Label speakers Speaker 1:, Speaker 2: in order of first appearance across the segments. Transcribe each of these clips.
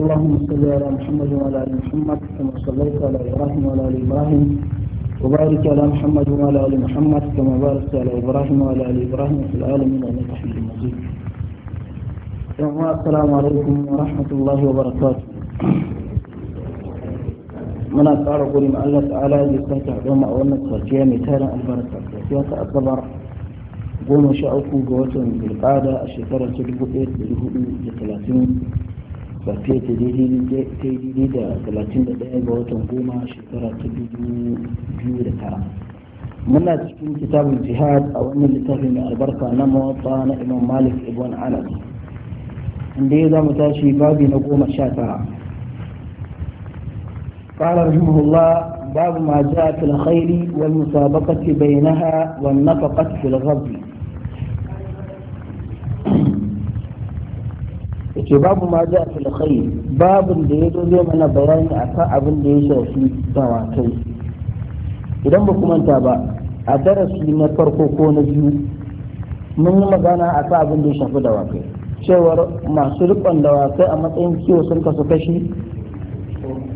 Speaker 1: اللهم صل على محمد وعلى ال محمد كما صليت على ابراهيم وعلى ال ابراهيم وبارك على محمد وعلى ال محمد كما باركت على ابراهيم وعلى ال ابراهيم في العالمين انك حميد مجيد. السلام عليكم ورحمه الله وبركاته. من ƙara guri ma الله تعالى ya sake أو ma a مثالا البركة mai tarin albarka safiya قوتهم بالقادة goma sha uku ga watan بقية تيدي كتاب الجهاد أو أن الكتاب البركة نمو طان إمام مالك ابن عالم عندي إذا متاشي بابي نقوم الشاتع قال رحمه الله باب ما جاء في الخير والمسابقة بينها والنفقة في الغضب ce babu ma ji a khair babin da ya zai mana bayani a kan abin da ya shafi dawakai idan ba ku manta ba a darasi na farko ko na biyu mun yi magana a kan abin da ya shafi dawakai cewar masu rikon dawakai a matsayin kiwo sun kasu kashi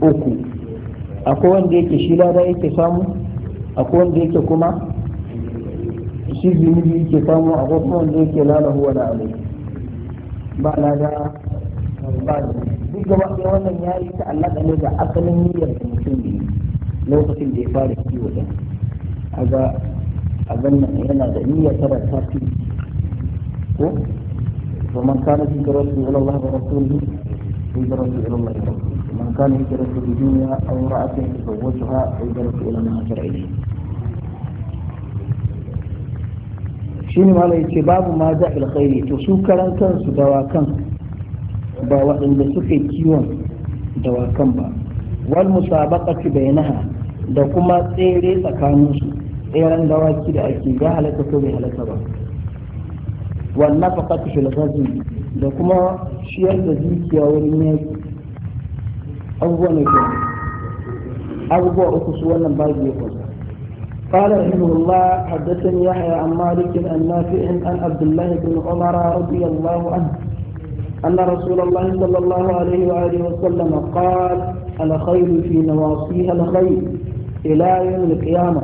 Speaker 1: uku akwai wanda yake shi lada yake samu akwai wanda yake kuma shi biyu yake samu akwai kuma wanda yake lalahu wa alaihi ba lada ba duk gaba ɗaya wannan ya yi ta allaka ne ga asalin niyyar da mutum ne lokacin da ya fara kiwo ɗin ga abin nan yana da niyyar tara ta fi ko ومن كان da الى الله ورسوله هجرته الى الله ورسوله ومن كان هجرته لدنيا او امراه يتزوجها هجرته الى ما هاجر اليه shi ne malai ce babu ma za alkhairi to su karan kansu dawakan ba waɗanda suke kiwon dawakan ba wal musabaqati bainaha da kuma tsere tsakaninsu tseren dawaki da ake ya halatta ko bai halatta ba wal nafaqatu fil ghazwi da kuma shiyar da dukiya wurin ne abubuwa ne abubuwa uku su wannan babu ya قال رحمه الله حدثني يحيى عن مالك عن نافع عن عبد الله بن عمر رضي الله عنه أن رسول الله صلى الله عليه وآله وسلم قال الخير في نواصيها الخير إلى يوم القيامة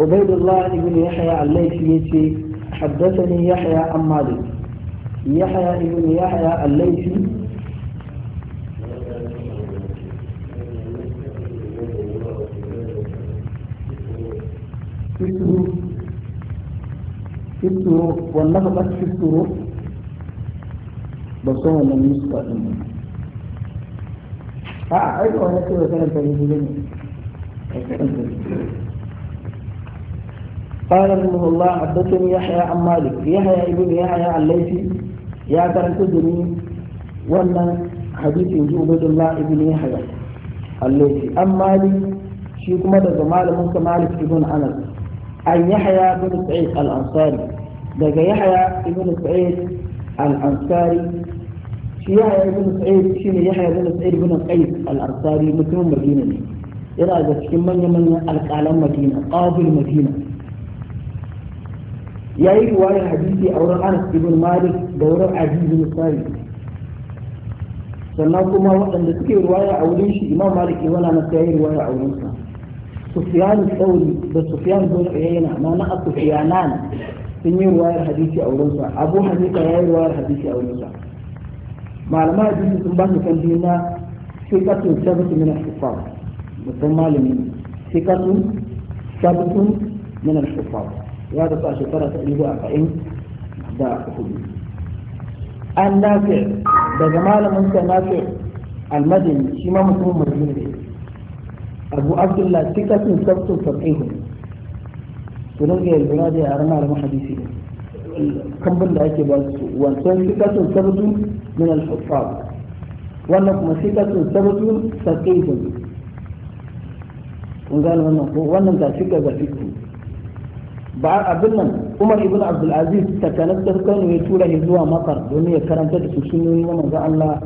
Speaker 1: عبيد الله بن يحيى الليثي حدثني يحيى عن مالك يحيى بن يحيى الليثي في السرور والنفقة في قال رحمه الله حدثني يحيى عن مالك يحيى ابن يحيى الليثي يا تركزني وانا حديث عبد الله ابن يحيى الليثي عن مالك شيخ مدد مالك مالك ابن انس عن يحيى بن سعيد الأنصاري دقى يحيى بن سعيد الأنصاري شو يحيى بن سعيد شنو يحيى بن سعيد بن قيس الأنصاري مثل مدينة إذا جتك من يمن الكلام مدينة قاضي المدينة يا إيه وعلى حديثي أورا أنس بن مالك دورا عزيز بن سعيد سنقوم وقت أن تذكر رواية أوليش إمام مالك وأنا نتعي رواية أوليش سفيان الثوري بسفيان بن عيينة ما نقص سفيانان في رواية حديثي أو لنسا أبو حديثة هي رواية حديثي أو لنسا ما لما يجب أن تنبه كان دينا ثقة ثبت من الحفاظ مثل لمن ثقة ثبت من الحفاظ هذا صار شفرة تأليه أقائم دا أخذ النافع دا جمال من نافع المدن شما مطلوب مدينة abu abdullah tikatun sabtu faqihu sunan ga yalbura da yaran malaman hadisi kamban da ake ba su wancan tikatun sabtu min al-huffaz wannan kuma tikatun sabtu faqihu kun gane wannan ko wannan ga shiga ga fiku ba abin nan Umar ibn Abdul Aziz ta kanar da kanu ya tura shi zuwa Makar domin ya karanta da su sunnoni na manzon Allah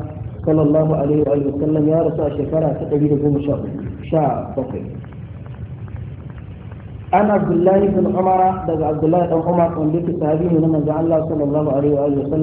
Speaker 1: sallallahu alaihi wa sallam ya rasu a shekara ta 117 an abdullahi bin umara daga abdullahi ɗan umar wanda yake sahabi ne na manzon Allah sallallahu alaihi wa sallam